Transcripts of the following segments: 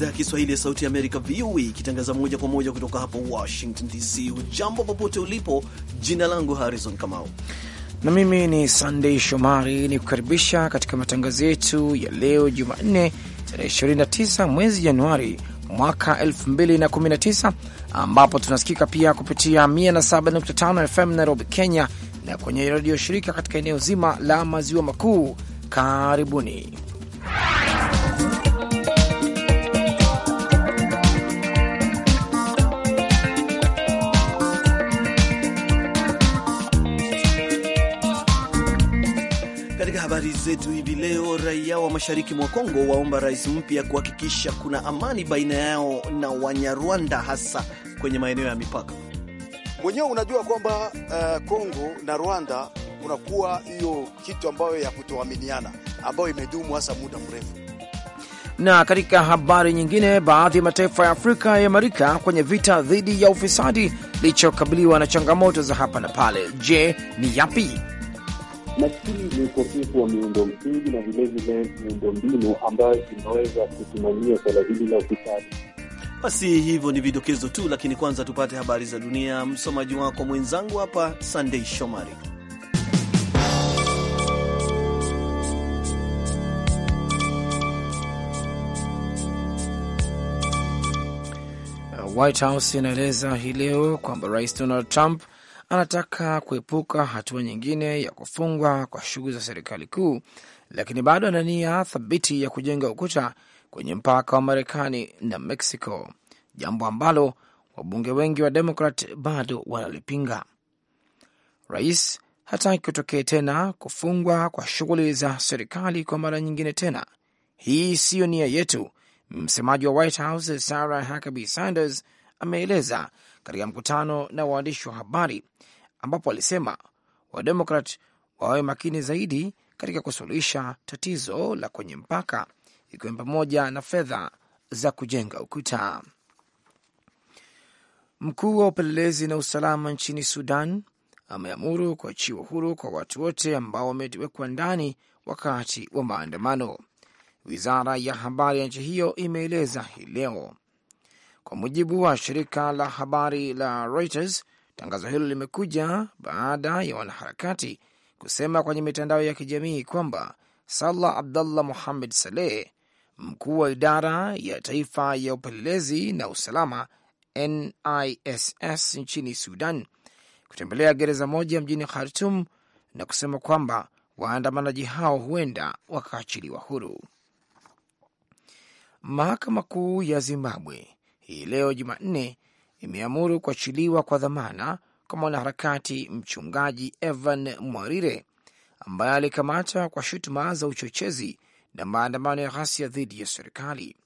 idhaa ya Kiswahili ya Sauti ya Amerika, VOA, ikitangaza moja kwa moja kutoka hapa Washington DC. Ujambo popote ulipo, jina langu Harrison Kamau na mimi ni sandey Shomari ni kukaribisha katika matangazo yetu ya leo Jumanne, tarehe 29 mwezi Januari mwaka 2019 ambapo tunasikika pia kupitia 107.5 FM Nairobi, Kenya, na kwenye redio shirika katika eneo zima la maziwa makuu. Karibuni. zetu hivi leo, raia wa mashariki mwa Kongo waomba rais mpya kuhakikisha kuna amani baina yao na Wanyarwanda, hasa kwenye maeneo ya mipaka. Mwenyewe unajua kwamba uh, Kongo na Rwanda kunakuwa hiyo kitu ambayo ya kutoaminiana ambayo imedumu hasa muda mrefu. Na katika habari nyingine, baadhi ya mataifa ya Afrika yamarika kwenye vita dhidi ya ufisadi licha kukabiliwa na changamoto za hapa na pale. Je, ni yapi? Nafikiri ni ukosefu wa miundo msingi na vilevile miundo mbinu ambayo inaweza kusimamia swala hili la ufisadi. Basi hivyo ni vidokezo tu, lakini kwanza tupate habari za dunia. Msomaji wako mwenzangu hapa Sandei Shomari. Uh, White House inaeleza hii leo kwamba Rais Donald Trump anataka kuepuka hatua nyingine ya kufungwa kwa shughuli za serikali kuu, lakini bado ana nia thabiti ya kujenga ukuta kwenye mpaka wa Marekani na Mexico, jambo ambalo wabunge wengi wa Demokrat bado wanalipinga. Rais hataki kutokee tena kufungwa kwa shughuli za serikali kwa mara nyingine tena. Hii siyo nia yetu, msemaji wa White House Sarah Huckabee Sanders ameeleza katika mkutano na waandishi wa habari, ambapo alisema Wademokrat wawe makini zaidi katika kusuluhisha tatizo la kwenye mpaka, ikiwa ni pamoja na fedha za kujenga ukuta. Mkuu wa upelelezi na usalama nchini Sudan ameamuru kuachiwa huru kwa watu wote ambao wamewekwa ndani wakati wa maandamano. Wizara ya habari ya nchi hiyo imeeleza hii leo kwa mujibu wa shirika la habari la Reuters, tangazo hilo limekuja baada ya wanaharakati kusema kwenye mitandao ya kijamii kwamba Sallah Abdallah Muhammad Saleh, mkuu wa idara ya taifa ya upelelezi na usalama NISS nchini Sudan, kutembelea gereza moja mjini Khartum na kusema kwamba waandamanaji hao huenda wakaachiliwa huru. Mahakama Kuu ya Zimbabwe hii leo Jumanne imeamuru kuachiliwa kwa dhamana kwa mwanaharakati mchungaji Evan Mwarire ambaye alikamatwa kwa shutuma za uchochezi na maandamano ya ghasia dhidi ya serikali.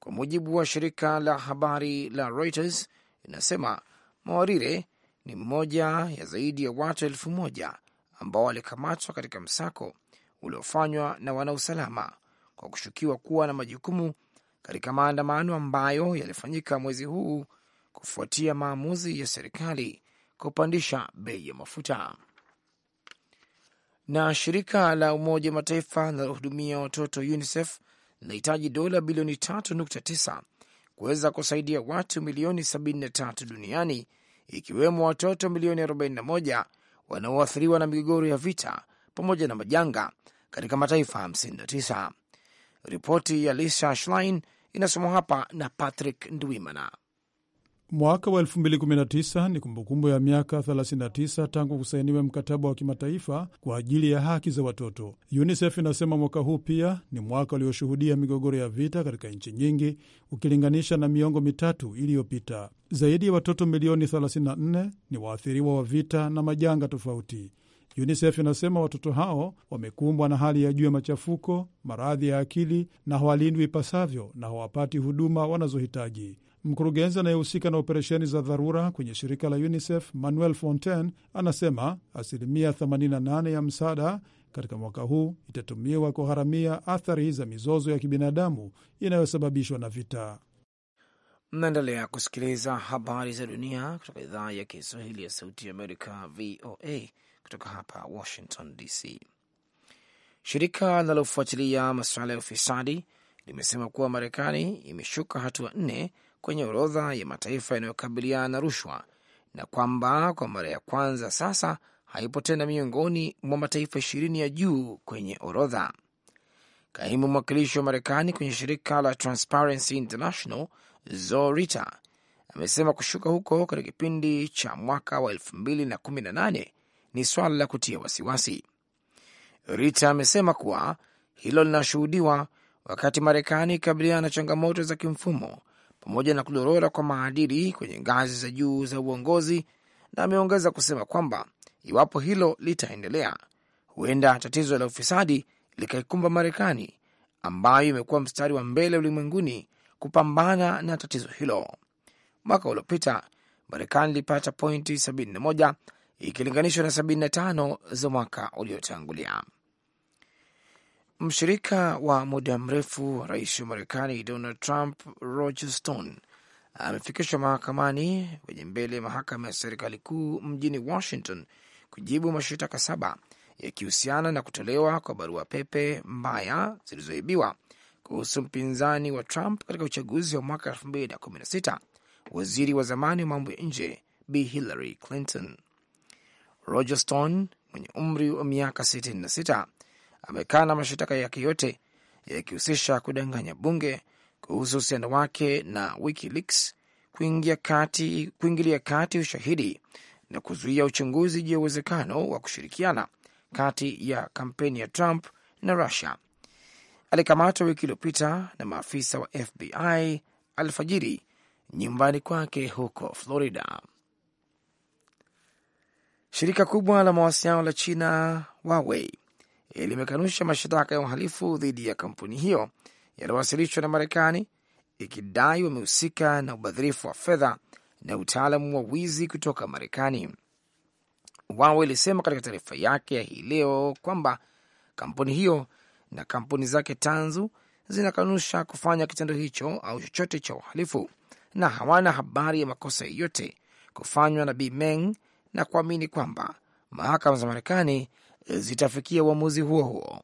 Kwa mujibu wa shirika la habari la Reuters, inasema Mwarire ni mmoja ya zaidi ya watu elfu moja ambao walikamatwa katika msako uliofanywa na wanausalama kwa kushukiwa kuwa na majukumu katika maandamano ambayo yalifanyika mwezi huu kufuatia maamuzi ya serikali kupandisha bei ya mafuta. Na shirika la Umoja wa Mataifa linalohudumia watoto UNICEF linahitaji dola bilioni 3.9 kuweza kusaidia watu milioni 73 duniani ikiwemo watoto milioni 41 wanaoathiriwa na migogoro ya vita pamoja na majanga katika mataifa 59. Ripoti ya Lisa Schlein inasomwa hapa na Patrick Ndwimana. Mwaka wa 2019 ni kumbukumbu ya miaka 39 tangu kusainiwa mkataba wa kimataifa kwa ajili ya haki za watoto. UNICEF inasema mwaka huu pia ni mwaka ulioshuhudia migogoro ya vita katika nchi nyingi ukilinganisha na miongo mitatu iliyopita. Zaidi ya watoto milioni 34 ni waathiriwa wa vita na majanga tofauti. UNICEF inasema watoto hao wamekumbwa na hali ya juu ya machafuko, maradhi ya akili na hawalindwi ipasavyo na hawapati huduma wanazohitaji. Mkurugenzi anayehusika na operesheni za dharura kwenye shirika la UNICEF Manuel Fontaine anasema asilimia 88 ya msaada katika mwaka huu itatumiwa kuharamia athari za mizozo ya kibinadamu inayosababishwa na vita. Mnaendelea kusikiliza habari za dunia kutoka idhaa ya Kiswahili ya Sauti ya Amerika, VOA, kutoka hapa Washington DC. Shirika linalofuatilia masuala ya ufisadi limesema kuwa Marekani imeshuka hatua nne kwenye orodha ya mataifa yanayokabiliana na rushwa na kwamba kwa mara ya kwanza sasa haipo tena miongoni mwa mataifa ishirini ya juu kwenye orodha. Kaimu mwakilishi wa Marekani kwenye shirika la Transparency International Zorita amesema kushuka huko katika kipindi cha mwaka wa elfu mbili na kumi na nane ni swala la kutia wasiwasi. Rita amesema kuwa hilo linashuhudiwa wakati Marekani ikabiliana na changamoto za kimfumo pamoja na kudorora kwa maadili kwenye ngazi za juu za uongozi, na ameongeza kusema kwamba iwapo hilo litaendelea, huenda tatizo la ufisadi likaikumba Marekani ambayo imekuwa mstari wa mbele ulimwenguni kupambana na tatizo hilo. Mwaka uliopita Marekani ilipata pointi 71 ikilinganishwa na 75 za mwaka uliotangulia. Mshirika wa muda mrefu wa rais wa Marekani Donald Trump, Roger Stone, amefikishwa mahakamani kwenye mbele ya mahakama ya serikali kuu mjini Washington kujibu mashitaka saba yakihusiana na kutolewa kwa barua pepe mbaya zilizoibiwa kuhusu mpinzani wa Trump katika uchaguzi wa mwaka 2016, waziri wa zamani wa mambo ya nje Bi Hillary Clinton. Roger Stone mwenye umri wa miaka 66 amekana mashitaka yake yote yakihusisha kudanganya bunge kuhusu uhusiano wake na WikiLeaks, kuingilia kati, kuingilia kati ushahidi na kuzuia uchunguzi juu ya uwezekano wa kushirikiana kati ya kampeni ya Trump na Russia. Alikamatwa wiki iliyopita na maafisa wa FBI alfajiri nyumbani kwake huko Florida. Shirika kubwa la mawasiliano la China Huawei limekanusha mashtaka ya uhalifu dhidi ya kampuni hiyo yaliyowasilishwa na Marekani, ikidai wamehusika na ubadhirifu wa fedha na utaalamu wa wizi kutoka Marekani. Huawei ilisema katika taarifa yake ya hii leo kwamba kampuni hiyo na kampuni zake tanzu zinakanusha kufanya kitendo hicho au chochote cha uhalifu na hawana habari ya makosa yoyote kufanywa na Bi Meng na kuamini kwamba mahakama za Marekani zitafikia uamuzi huo huo.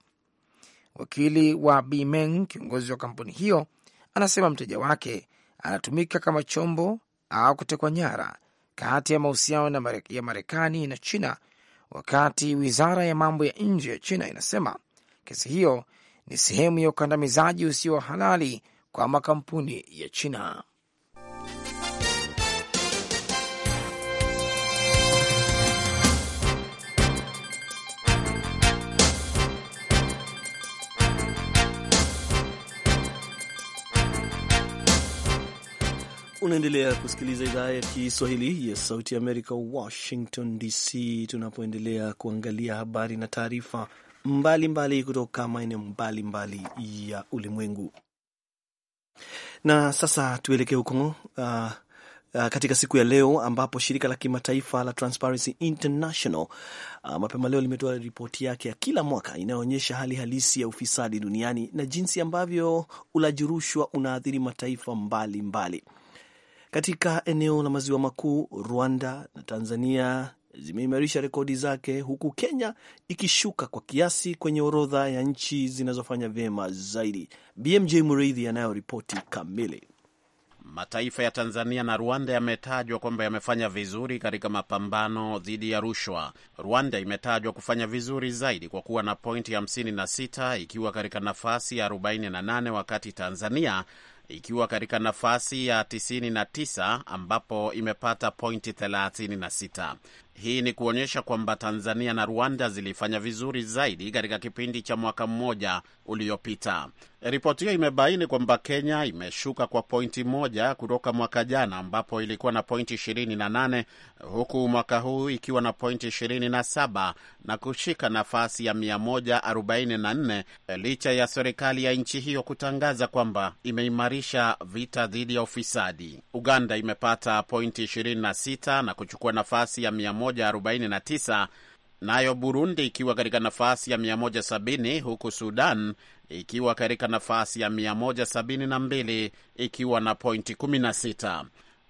Wakili wa B Meng, kiongozi wa kampuni hiyo, anasema mteja wake anatumika kama chombo au kutekwa nyara kati ya mahusiano ya Marekani na China, wakati wizara ya mambo ya nje ya China inasema kesi hiyo ni sehemu ya ukandamizaji usio halali kwa makampuni ya China. Unaendelea kusikiliza idhaa ya Kiswahili ya yes, Sauti ya Amerika, Washington DC, tunapoendelea kuangalia habari na taarifa mbalimbali kutoka maeneo mbalimbali ya ulimwengu. Na sasa tuelekee huko uh, Uh, katika siku ya leo ambapo shirika la kimataifa la Transparency International uh, mapema leo limetoa ripoti yake ya kila mwaka inayoonyesha hali halisi ya ufisadi duniani na jinsi ambavyo ulaji rushwa unaathiri mataifa mbalimbali mbali. Katika eneo la maziwa makuu, Rwanda na Tanzania zimeimarisha rekodi zake, huku Kenya ikishuka kwa kiasi kwenye orodha ya nchi zinazofanya vyema zaidi. BMJ Mureithi anayoripoti kamili. Mataifa ya Tanzania na Rwanda yametajwa kwamba yamefanya vizuri katika mapambano dhidi ya rushwa. Rwanda imetajwa kufanya vizuri zaidi kwa kuwa na pointi 56 ikiwa katika nafasi ya 48, wakati Tanzania ikiwa katika nafasi ya 99 ambapo imepata pointi 36. Hii ni kuonyesha kwamba Tanzania na Rwanda zilifanya vizuri zaidi katika kipindi cha mwaka mmoja uliopita. Ripoti hiyo imebaini kwamba Kenya imeshuka kwa pointi moja kutoka mwaka jana ambapo ilikuwa na pointi ishirini na huku mwaka huu ikiwa na pointi 27 na na kushika nafasi ya 144 licha ya serikali ya nchi hiyo kutangaza kwamba imeimarisha vita dhidi ya ufisadi. Uganda imepata pointi 26 na na kuchukua nafasi ya 149 nayo Burundi ikiwa katika nafasi ya 170 huku Sudan ikiwa katika nafasi ya 172 ikiwa na pointi 16.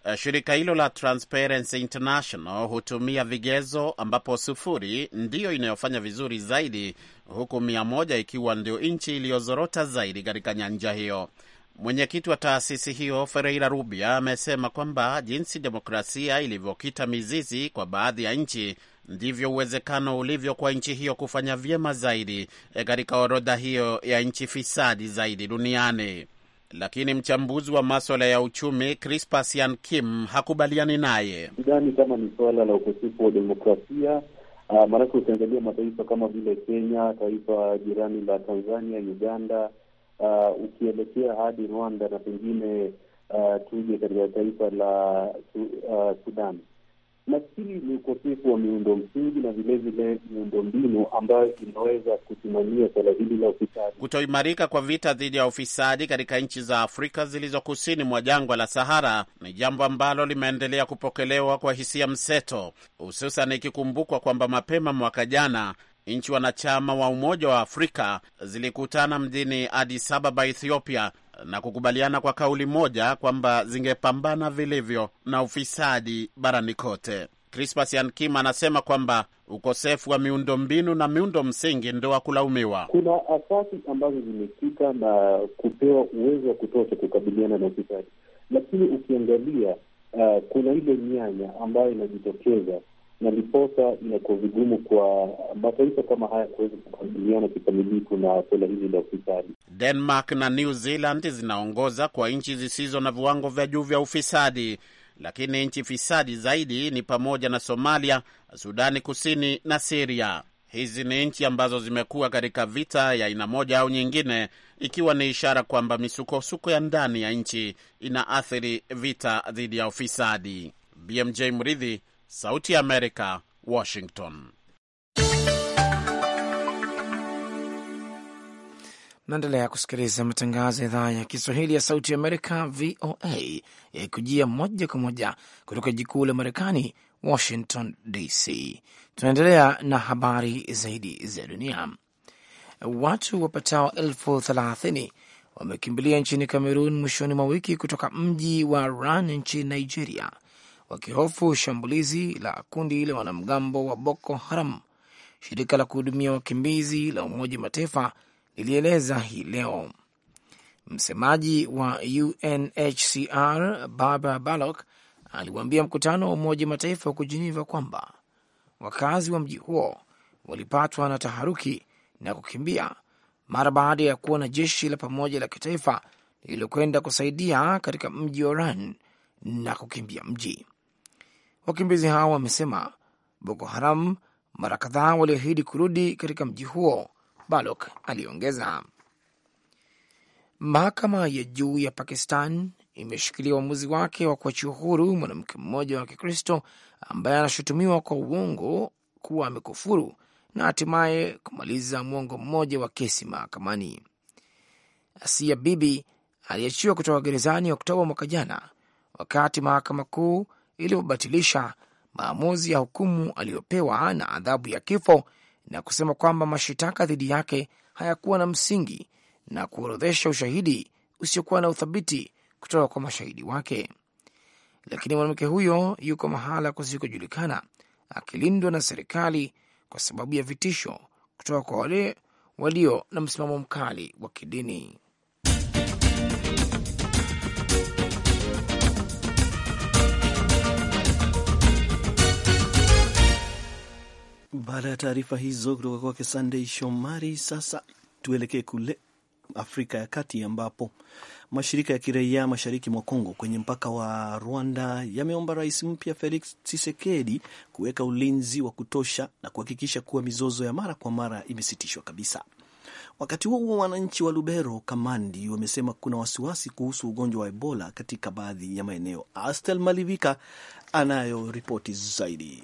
Eh, shirika hilo la Transparency International hutumia vigezo ambapo sufuri ndiyo inayofanya vizuri zaidi huku mia moja ikiwa ndio nchi iliyozorota zaidi katika nyanja hiyo. Mwenyekiti wa taasisi hiyo Ferreira Rubia amesema kwamba jinsi demokrasia ilivyokita mizizi kwa baadhi ya nchi ndivyo uwezekano ulivyo kwa nchi hiyo kufanya vyema zaidi eh, katika orodha hiyo ya nchi fisadi zaidi duniani. Lakini mchambuzi wa maswala ya uchumi Crispasian Kim hakubaliani naye. Sidhani kama ni suala la ukosefu wa demokrasia. Uh, maanake ukiangalia mataifa kama vile Kenya, taifa jirani la Tanzania, Uganda uh, ukielekea hadi Rwanda na pengine uh, tuje katika taifa la uh, Sudan. Nafikiri ni ukosefu wa miundo msingi na vilevile miundo mbinu ambayo inaweza kusimamia suala hili la ufisadi, kutoimarika kwa vita dhidi ya ufisadi katika nchi za Afrika zilizo kusini mwa jangwa la Sahara ni jambo ambalo limeendelea kupokelewa kwa hisia mseto, hususan ikikumbukwa kwamba mapema mwaka jana nchi wanachama wa Umoja wa Afrika zilikutana mjini Addis Ababa, Ethiopia, na kukubaliana kwa kauli moja kwamba zingepambana vilivyo na ufisadi barani kote. Crispas Yankim anasema kwamba ukosefu wa miundombinu na miundo msingi ndio wa kulaumiwa. Kuna asasi ambazo zimekika na kupewa uwezo wa kutosha kukabiliana na ufisadi, lakini ukiangalia uh, kuna ile mianya ambayo inajitokeza na ndiposa inakuwa vigumu kwa mataifa kama haya kuweza kukabiliana kikamilifu na suala hili la ufisadi. Denmark na New Zealand zinaongoza kwa nchi zisizo na viwango vya juu vya ufisadi, lakini nchi fisadi zaidi ni pamoja na Somalia, Sudani Kusini na Siria. Hizi ni nchi ambazo zimekuwa katika vita ya aina moja au nyingine, ikiwa ni ishara kwamba misukosuko ya ndani ya nchi inaathiri vita dhidi ya ufisadi. BMJ Mridhi, Sauti Amerika, Washington. Naendelea kusikiliza matangazo ya idhaa ya Kiswahili ya Sauti Amerika, VOA, yakikujia moja kwa moja kutoka jiji kuu la Marekani, Washington DC. Tunaendelea na habari zaidi za dunia. Watu wapatao elfu thelathini wamekimbilia nchini Kamerun mwishoni mwa wiki kutoka mji wa Ran nchini Nigeria wakihofu shambulizi la kundi la wanamgambo wa Boko Haram. Shirika la kuhudumia wakimbizi la Umoja wa Mataifa lilieleza hii leo. Msemaji wa UNHCR Barbara Balok aliwaambia mkutano wa Umoja wa Mataifa huko Jeneva kwamba wakazi wa mji huo walipatwa na taharuki na kukimbia mara baada ya kuwa na jeshi la pamoja la kitaifa lililokwenda kusaidia katika mji wa Ran na kukimbia mji. Wakimbizi hao wamesema Boko Haram mara kadhaa waliahidi kurudi katika mji huo, Balok aliongeza. Mahakama ya juu ya Pakistan imeshikilia uamuzi wake wa kuachia huru mwanamke mmoja wa Kikristo ambaye anashutumiwa kwa uongo kuwa amekufuru na hatimaye kumaliza mwongo mmoja wa kesi mahakamani. Asia Bibi aliachiwa kutoka gerezani Oktoba mwaka jana, wakati mahakama kuu ili kubatilisha maamuzi ya hukumu aliyopewa na adhabu ya kifo na kusema kwamba mashitaka dhidi yake hayakuwa na msingi na kuorodhesha ushahidi usiokuwa na uthabiti kutoka kwa mashahidi wake. Lakini mwanamke huyo yuko mahala kusikojulikana akilindwa na serikali kwa sababu ya vitisho kutoka kwa wale walio na msimamo mkali wa kidini. Baada ya taarifa hizo kutoka kwake sandey Shomari, sasa tuelekee kule Afrika ya Kati ambapo mashirika ya kiraia mashariki mwa Kongo kwenye mpaka wa Rwanda yameomba rais mpya Felix Tshisekedi kuweka ulinzi wa kutosha na kuhakikisha kuwa mizozo ya mara kwa mara imesitishwa kabisa. Wakati huo huo, wananchi wa Lubero Kamandi wamesema kuna wasiwasi kuhusu ugonjwa wa Ebola katika baadhi ya maeneo. Astel Malivika anayo ripoti zaidi.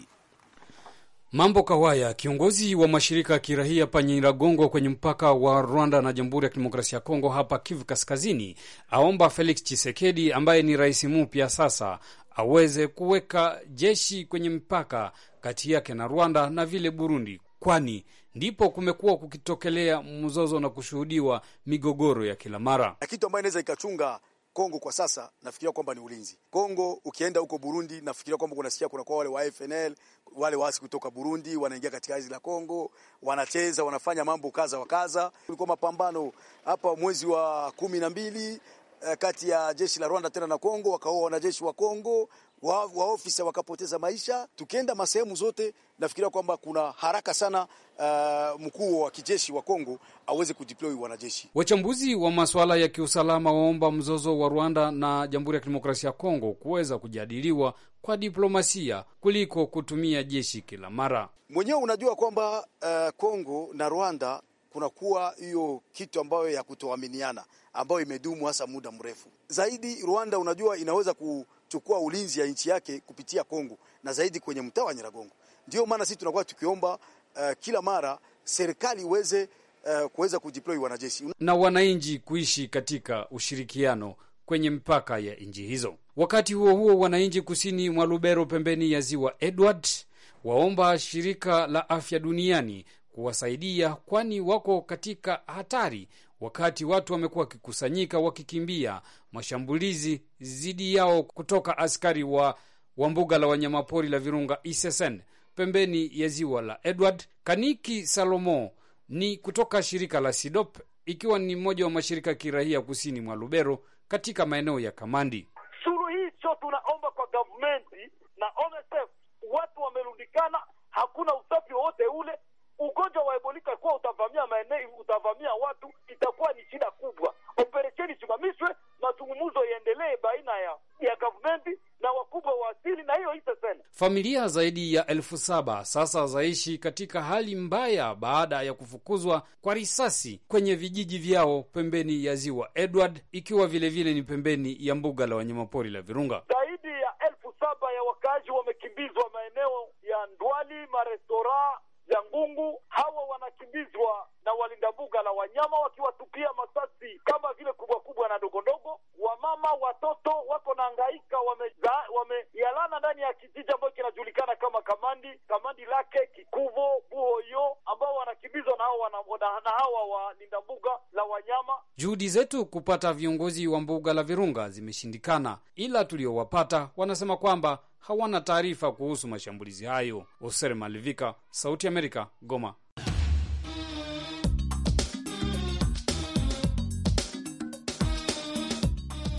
Mambo Kawaya, kiongozi wa mashirika ya kirahia hapa Nyiragongo kwenye mpaka wa Rwanda na Jamhuri ya Kidemokrasia ya Kongo hapa Kivu Kaskazini, aomba Felix Chisekedi ambaye ni rais mpya sasa aweze kuweka jeshi kwenye mpaka kati yake na Rwanda na vile Burundi, kwani ndipo kumekuwa kukitokelea mzozo na kushuhudiwa migogoro ya kila mara na kitu ambayo inaweza ikachunga Kongo kwa sasa nafikiria kwamba ni ulinzi. Kongo ukienda huko Burundi, nafikiria kwamba kunasikia kuna kwa wale wa FNL wale waasi kutoka Burundi wanaingia katika ardhi la Kongo, wanacheza wanafanya mambo kaza wa kaza. Kulikuwa mapambano hapa mwezi wa kumi na mbili eh, kati ya jeshi la Rwanda tena na Kongo, wakaoa wanajeshi wa Kongo wa, waofisa wakapoteza maisha. Tukienda masehemu zote, nafikiria kwamba kuna haraka sana uh, mkuu wa kijeshi wa Kongo aweze kudeploy wanajeshi. Wachambuzi wa masuala ya kiusalama waomba mzozo wa Rwanda na Jamhuri ya Kidemokrasia ya Kongo kuweza kujadiliwa kwa diplomasia kuliko kutumia jeshi kila mara. Mwenyewe unajua kwamba uh, Kongo na Rwanda kunakuwa hiyo kitu ambayo ya kutoaminiana ambayo imedumu hasa muda mrefu zaidi. Rwanda unajua inaweza ku kuchukua ulinzi ya nchi yake kupitia Kongo na zaidi kwenye mtaa wa Nyiragongo. Ndio maana sisi tunakuwa tukiomba uh, kila mara serikali iweze uh, kuweza kudeploy wanajeshi na wananchi kuishi katika ushirikiano kwenye mpaka ya nchi hizo. Wakati huo huo, wananchi kusini mwa Lubero pembeni ya ziwa Edward waomba shirika la afya duniani kuwasaidia, kwani wako katika hatari wakati watu wamekuwa wakikusanyika wakikimbia mashambulizi dhidi yao kutoka askari wa, wa mbuga la wanyamapori la Virunga Isesen pembeni ya ziwa la Edward. Kaniki Salomo ni kutoka shirika la SIDOP ikiwa ni mmoja wa mashirika ya kirahia kusini mwa Lubero katika maeneo ya Kamandi. Suluhisho tunaomba kwa gavumenti na ONSF, watu wamerundikana, hakuna usafi wowote ule ugonjwa wa ebolika kuwa utavamia maeneo, utavamia watu, itakuwa ni shida kubwa. Operesheni simamishwe, mazungumzo yaendelee baina ya ya gavumenti na wakubwa wa asili, na hiyo isesene. Familia zaidi ya elfu saba sasa zaishi katika hali mbaya baada ya kufukuzwa kwa risasi kwenye vijiji vyao pembeni ya ziwa Edward, ikiwa vilevile vile ni pembeni ya mbuga la wanyamapori la Virunga. Zaidi ya elfu saba ya wakazi wamekimbizwa maeneo ya Ndwali, marestora za Ngungu. Hawa wanakimbizwa na walinda mbuga la wanyama wakiwatupia masasi kama vile kubwa kubwa na ndogo ndogo. Wamama watoto wako na angaika wameyalana wame ndani ya kijiji ambayo kinajulikana kama Kamandi, Kamandi lake Kikuvo, Buhoyo, ambao wanakimbizwa na hawa, na, na hawa walinda mbuga la wanyama. Juhudi zetu kupata viongozi wa mbuga la Virunga zimeshindikana, ila tuliowapata wanasema kwamba hawana taarifa kuhusu mashambulizi hayo. Oser Malivika, Sauti Amerika, Goma.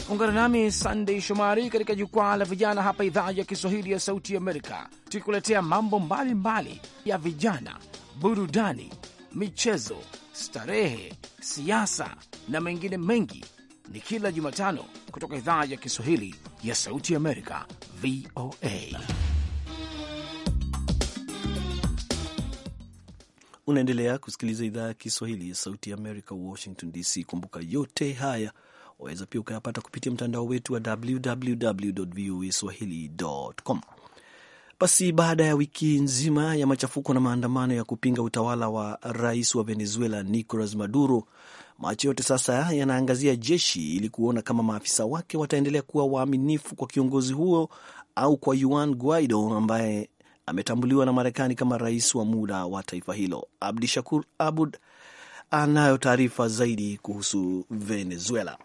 Ungana nami Sandei Shomari katika jukwaa la vijana hapa idhaa ya Kiswahili ya Sauti Amerika, tukikuletea mambo mbalimbali mbali ya vijana, burudani, michezo, starehe, siasa na mengine mengi. Ni kila Jumatano kutoka idhaa ya Kiswahili ya Sauti Amerika VOA. Unaendelea kusikiliza idhaa ya Kiswahili ya Sauti ya Amerika, Washington DC. Kumbuka yote haya waweza pia ukayapata kupitia mtandao wetu wa www voa swahili.com. Basi baada ya wiki nzima ya machafuko na maandamano ya kupinga utawala wa rais wa Venezuela Nicolas Maduro, Macho yote sasa yanaangazia jeshi ili kuona kama maafisa wake wataendelea kuwa waaminifu kwa kiongozi huo au kwa Juan Guaido ambaye ametambuliwa na Marekani kama rais wa muda wa taifa hilo. Abdi Shakur Abud anayo taarifa zaidi kuhusu Venezuela.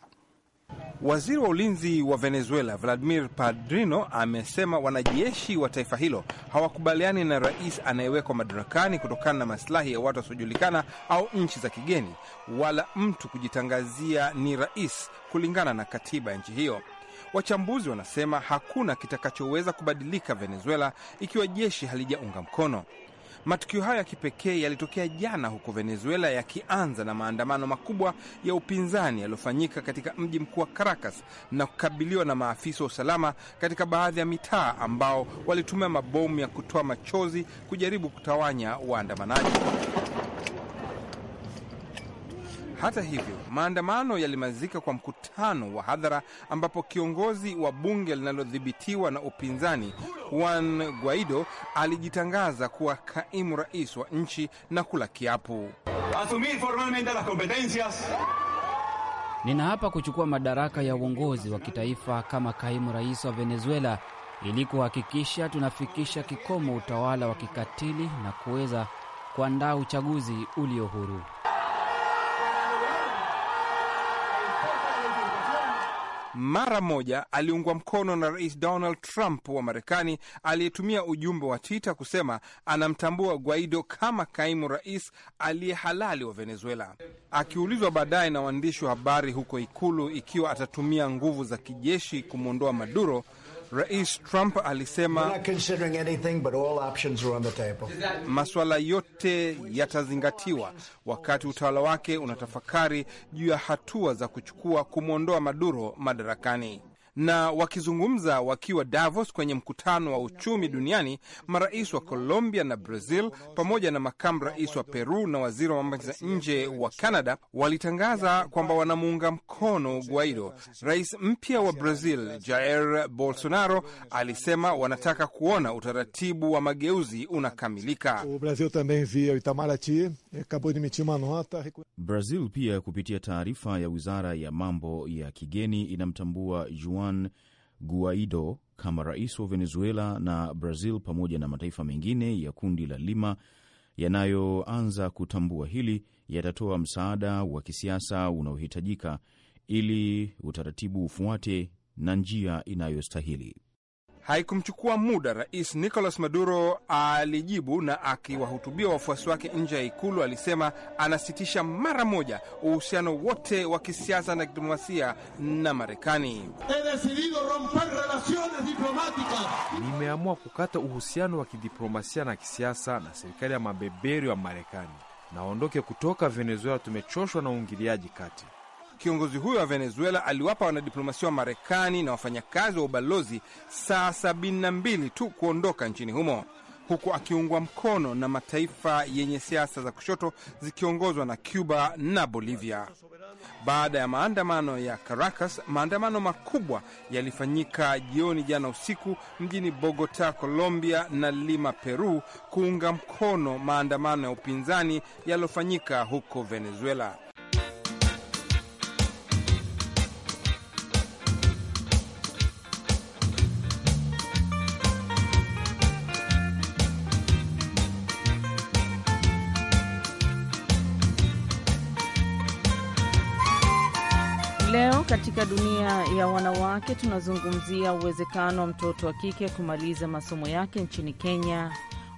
Waziri wa ulinzi wa Venezuela Vladimir Padrino amesema wanajeshi wa taifa hilo hawakubaliani na rais anayewekwa madarakani kutokana na masilahi ya watu wasiojulikana au nchi za kigeni, wala mtu kujitangazia ni rais kulingana na katiba ya nchi hiyo. Wachambuzi wanasema hakuna kitakachoweza kubadilika Venezuela ikiwa jeshi halijaunga mkono Matukio hayo ya kipekee yalitokea jana huko Venezuela, yakianza na maandamano makubwa ya upinzani yaliyofanyika katika mji mkuu wa Caracas na kukabiliwa na maafisa wa usalama katika baadhi ya mitaa ambao walitumia mabomu ya kutoa machozi kujaribu kutawanya waandamanaji. Hata hivyo, maandamano yalimalizika kwa mkutano wa hadhara ambapo kiongozi wa bunge linalodhibitiwa na upinzani Juan Guaido alijitangaza kuwa kaimu rais wa nchi na kula kiapo asumir formalmente las competencias Ninaapa kuchukua madaraka ya uongozi wa kitaifa kama kaimu rais wa Venezuela ili kuhakikisha tunafikisha kikomo utawala wa kikatili na kuweza kuandaa uchaguzi ulio huru. mara moja aliungwa mkono na Rais Donald Trump wa Marekani aliyetumia ujumbe wa Twitter kusema anamtambua Guaido kama kaimu rais aliye halali wa Venezuela. Akiulizwa baadaye na waandishi wa habari huko Ikulu ikiwa atatumia nguvu za kijeshi kumwondoa Maduro, Rais Trump alisema masuala yote yatazingatiwa wakati utawala wake unatafakari juu ya hatua za kuchukua kumwondoa Maduro madarakani na wakizungumza wakiwa Davos kwenye mkutano wa uchumi duniani, marais wa Colombia na Brazil pamoja na makamu rais wa Peru na waziri wa mambo za nje wa Canada walitangaza kwamba wanamuunga mkono Guaido. Rais mpya wa Brazil Jair Bolsonaro alisema wanataka kuona utaratibu wa mageuzi unakamilika. Eh, Brazil pia kupitia taarifa ya wizara ya mambo ya kigeni inamtambua Juan Juan Guaido kama rais wa Venezuela na Brazil pamoja na mataifa mengine ya kundi la Lima yanayoanza kutambua hili yatatoa msaada wa kisiasa unaohitajika ili utaratibu ufuate na njia inayostahili. Haikumchukua muda, Rais Nicolas Maduro alijibu, na akiwahutubia wafuasi wake nje ya ikulu alisema anasitisha mara moja uhusiano wote wa kisiasa na kidiplomasia na Marekani. Nimeamua kukata uhusiano wa kidiplomasia na kisiasa na serikali ya mabeberi ya Marekani. Naondoke kutoka Venezuela, tumechoshwa na uingiliaji kati. Kiongozi huyo wa Venezuela aliwapa wanadiplomasia wa Marekani na wafanyakazi wa ubalozi saa mbili tu kuondoka nchini humo huku akiungwa mkono na mataifa yenye siasa za kushoto zikiongozwa na Cuba na Bolivia. Baada ya maandamano ya Caracas, maandamano makubwa yalifanyika jioni jana usiku mjini Bogota, Colombia na Lima, Peru, kuunga mkono maandamano ya upinzani yaliyofanyika huko Venezuela. katika dunia ya wanawake tunazungumzia uwezekano wa mtoto wa kike kumaliza masomo yake nchini Kenya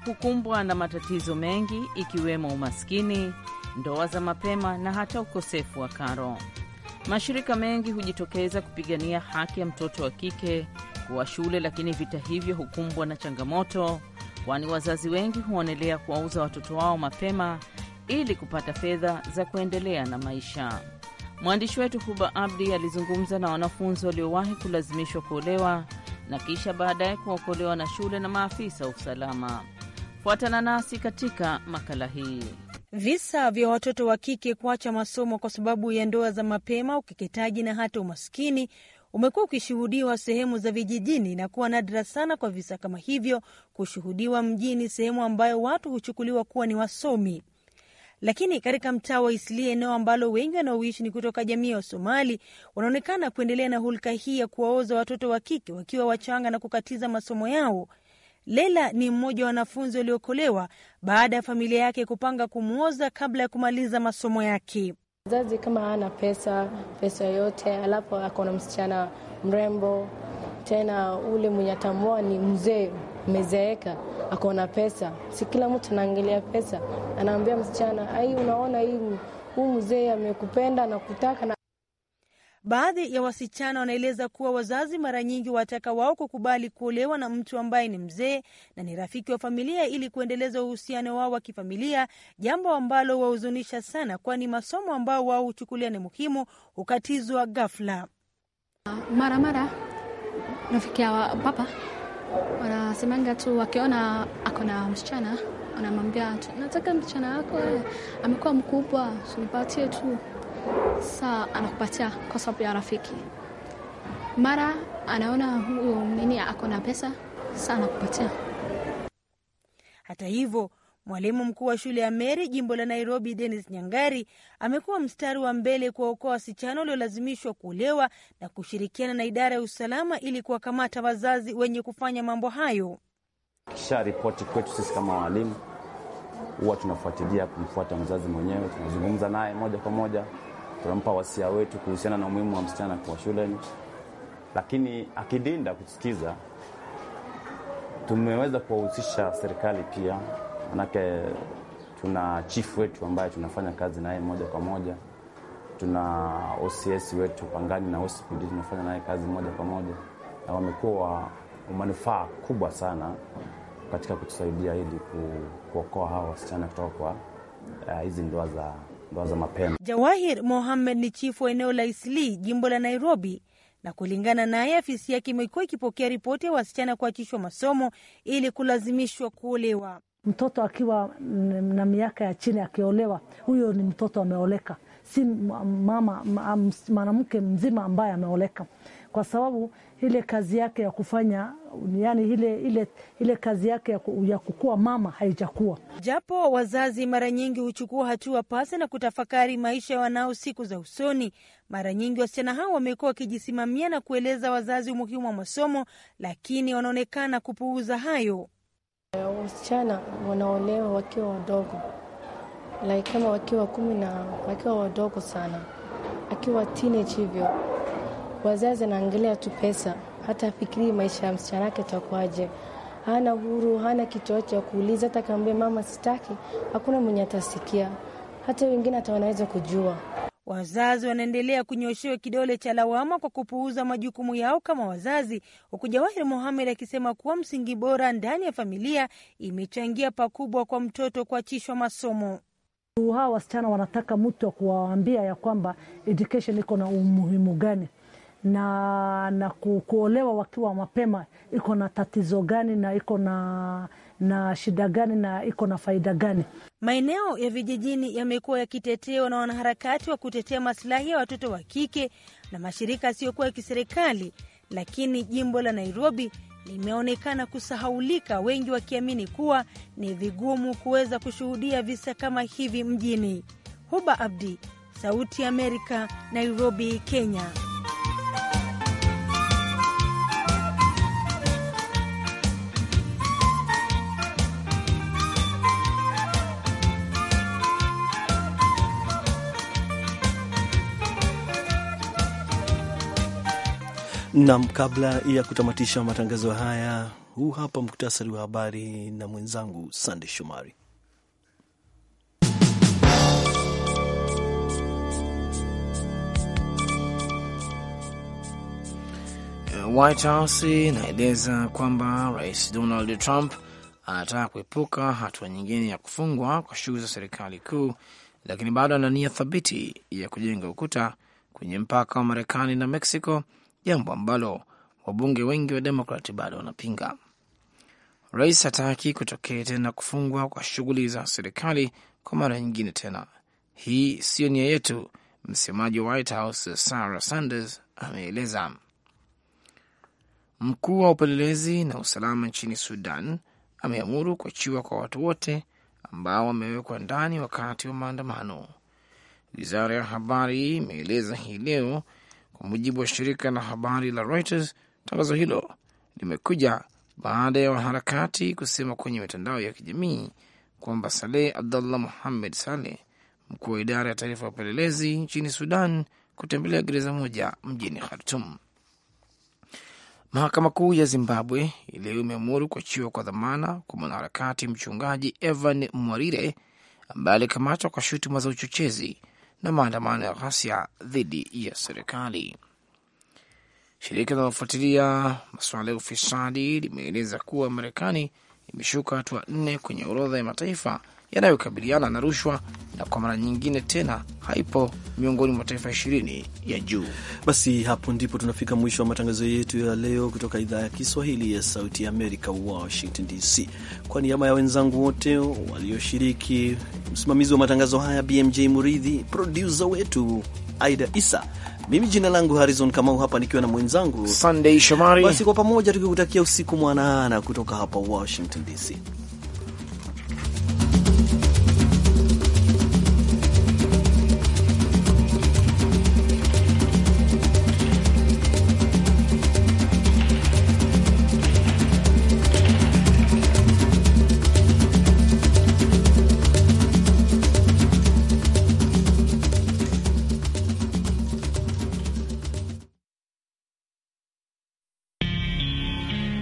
hukumbwa na matatizo mengi ikiwemo umaskini, ndoa za mapema na hata ukosefu wa karo. Mashirika mengi hujitokeza kupigania haki ya mtoto wa kike kuwa shule, lakini vita hivyo hukumbwa na changamoto, kwani wazazi wengi huonelea kuwauza watoto wao mapema ili kupata fedha za kuendelea na maisha. Mwandishi wetu Huba Abdi alizungumza na wanafunzi waliowahi kulazimishwa kuolewa na kisha baadaye kuokolewa na shule na maafisa wa usalama. Fuatana nasi katika makala hii. Visa vya watoto wa kike kuacha masomo kwa sababu ya ndoa za mapema, ukeketaji na hata umaskini umekuwa ukishuhudiwa sehemu za vijijini na kuwa nadra sana kwa visa kama hivyo kushuhudiwa mjini, sehemu ambayo watu huchukuliwa kuwa ni wasomi. Lakini katika mtaa wa Isli, eneo ambalo wengi wanaoishi ni kutoka jamii ya Somali, wanaonekana kuendelea na hulka hii ya kuwaoza watoto wa kike wakiwa wachanga na kukatiza masomo yao. Lela ni mmoja wa wanafunzi waliokolewa baada ya familia yake kupanga kumwoza kabla ya kumaliza masomo yake. Mzazi kama ana pesa pesa yoyote, alafu akona msichana mrembo, tena ule mwenye atamua ni mzee amezeeka na pesa, si kila mtu anaangalia pesa. Anaambia msichana, ai, unaona hii huu mzee amekupenda kutaka na... Baadhi ya wasichana wanaeleza kuwa wazazi mara nyingi wataka wao kukubali kuolewa na mtu ambaye ni mzee na ni rafiki wa familia ili kuendeleza uhusiano wao wa kifamilia, jambo ambalo wahuzunisha sana, kwani masomo ambao wao huchukulia ni muhimu hukatizwa ghafla. Mara mara nafikia papa wanasemanga tu wakiona ako na msichana wanamwambia nataka msichana wako eh. amekuwa mkubwa, sinipatie tu. Saa anakupatia kwa sababu ya rafiki. Mara anaona huyo nini ako na pesa, saa anakupatia. Hata hivyo Mwalimu mkuu wa shule ya Meri jimbo la Nairobi, denis Nyangari amekuwa mstari wa mbele kuwaokoa wasichana waliolazimishwa kuolewa na kushirikiana na idara ya usalama ili kuwakamata wazazi wenye kufanya mambo hayo. Kisha ripoti kwetu sisi kama walimu, huwa tunafuatilia kumfuata mzazi mwenyewe, tunazungumza naye moja kwa moja, tunampa wasia wetu kuhusiana na umuhimu wa msichana kwa shuleni, lakini akidinda kusikiza, tumeweza kuwahusisha serikali pia manake tuna chief wetu ambaye tunafanya kazi naye moja kwa moja, tuna OCS wetu Pangani na OCPD tunafanya naye kazi moja kwa moja, na wamekuwa manufaa kubwa sana katika kutusaidia ili kuokoa hawa wasichana kutoka kwa eh, hizi ndoa za ndoa za mapema. Jawahir Mohamed ni chifu wa eneo la Isli, jimbo la Nairobi, na kulingana naye, afisi yake imekuwa ikipokea ripoti ya wasichana kuachishwa masomo ili kulazimishwa kuolewa. Mtoto akiwa na miaka ya chini akiolewa, huyo ni mtoto ameoleka, si mama mwanamke mzima ambaye ameoleka, kwa sababu ile kazi yake ya kufanya yani ile, ile, ile kazi yake ya kukuwa mama haijakuwa. Japo wazazi mara nyingi huchukua hatua pasi na kutafakari maisha wanao siku za usoni, mara nyingi wasichana hao wamekuwa wakijisimamia na kueleza wazazi umuhimu wa masomo, lakini wanaonekana kupuuza hayo. Wasichana wanaolewa wakiwa wadogo like kama wakiwa kumi na wakiwa wadogo sana, akiwa teenage hivyo, wazazi anaangalia tu pesa, hata afikiri maisha ya msichana yake atakuwaje. Hana huru, hana kitu cha kuuliza. Hata kaambia mama sitaki, hakuna mwenye atasikia, hata wengine hata wanaweza kujua Wazazi wanaendelea kunyoshewa kidole cha lawama kwa kupuuza majukumu yao kama wazazi, huku Jawahir Mohamed akisema kuwa msingi bora ndani ya familia imechangia pakubwa kwa mtoto kuachishwa masomo. Hawa wasichana wanataka mtu wa kuwaambia ya kwamba education iko na umuhimu gani na, na ku, kuolewa wakiwa mapema iko na tatizo gani na iko na na shida gani na iko na faida gani. Maeneo ya vijijini yamekuwa yakitetewa na wanaharakati wa kutetea masilahi ya watoto wa kike na mashirika yasiyokuwa ya kiserikali, lakini jimbo la Nairobi limeonekana kusahaulika, wengi wakiamini kuwa ni vigumu kuweza kushuhudia visa kama hivi mjini. Huba Abdi, Sauti ya Amerika, Nairobi, Kenya. Nam, kabla ya kutamatisha matangazo haya, huu hapa muktasari wa habari na mwenzangu Sande Shomari. White House inaeleza kwamba Rais Donald Trump anataka kuepuka hatua nyingine ya kufungwa kwa shughuli za serikali kuu, lakini bado ana nia thabiti ya kujenga ukuta kwenye mpaka wa Marekani na mexico jambo ambalo wabunge wengi wa Demokrat bado wanapinga. Rais hataki kutokea tena kufungwa kwa shughuli za serikali kwa mara nyingine tena. Hii siyo nia yetu, msemaji wa White House Sarah Sanders ameeleza. Mkuu wa upelelezi na usalama nchini Sudan ameamuru kuachiwa kwa watu wote ambao wamewekwa ndani wakati wa maandamano. Wizara ya habari imeeleza hii leo kwa mujibu wa shirika la habari la Reuters. Tangazo hilo limekuja baada ya wanaharakati kusema kwenye mitandao ya kijamii kwamba Saleh Abdullah Muhammed Saleh, mkuu wa idara ya taarifa ya upelelezi nchini Sudan, kutembelea gereza moja mjini Khartum. Mahakama Kuu ya Zimbabwe leo imeamuru kuachiwa kwa dhamana kwa mwanaharakati mchungaji Evan Mwarire ambaye alikamatwa kwa shutuma za uchochezi na maandamano ya ghasia dhidi ya serikali. Shirika linalofuatilia masuala ya ufisadi limeeleza kuwa Marekani imeshuka hatua nne kwenye orodha ya mataifa yanayokabiliana na rushwa na kwa mara nyingine tena haipo miongoni mwa mataifa ishirini ya juu. Basi hapo ndipo tunafika mwisho wa matangazo yetu ya leo kutoka idhaa ya Kiswahili ya Sauti ya Amerika, Washington DC. Kwa niaba ya wenzangu wote walioshiriki, msimamizi wa matangazo haya BMJ Muridhi, produsa wetu Aida Isa, mimi jina langu Harrison Kamau, hapa nikiwa na mwenzangu Sunday Shomari. Basi kwa pamoja tukikutakia usiku mwanaana kutoka hapa Washington DC.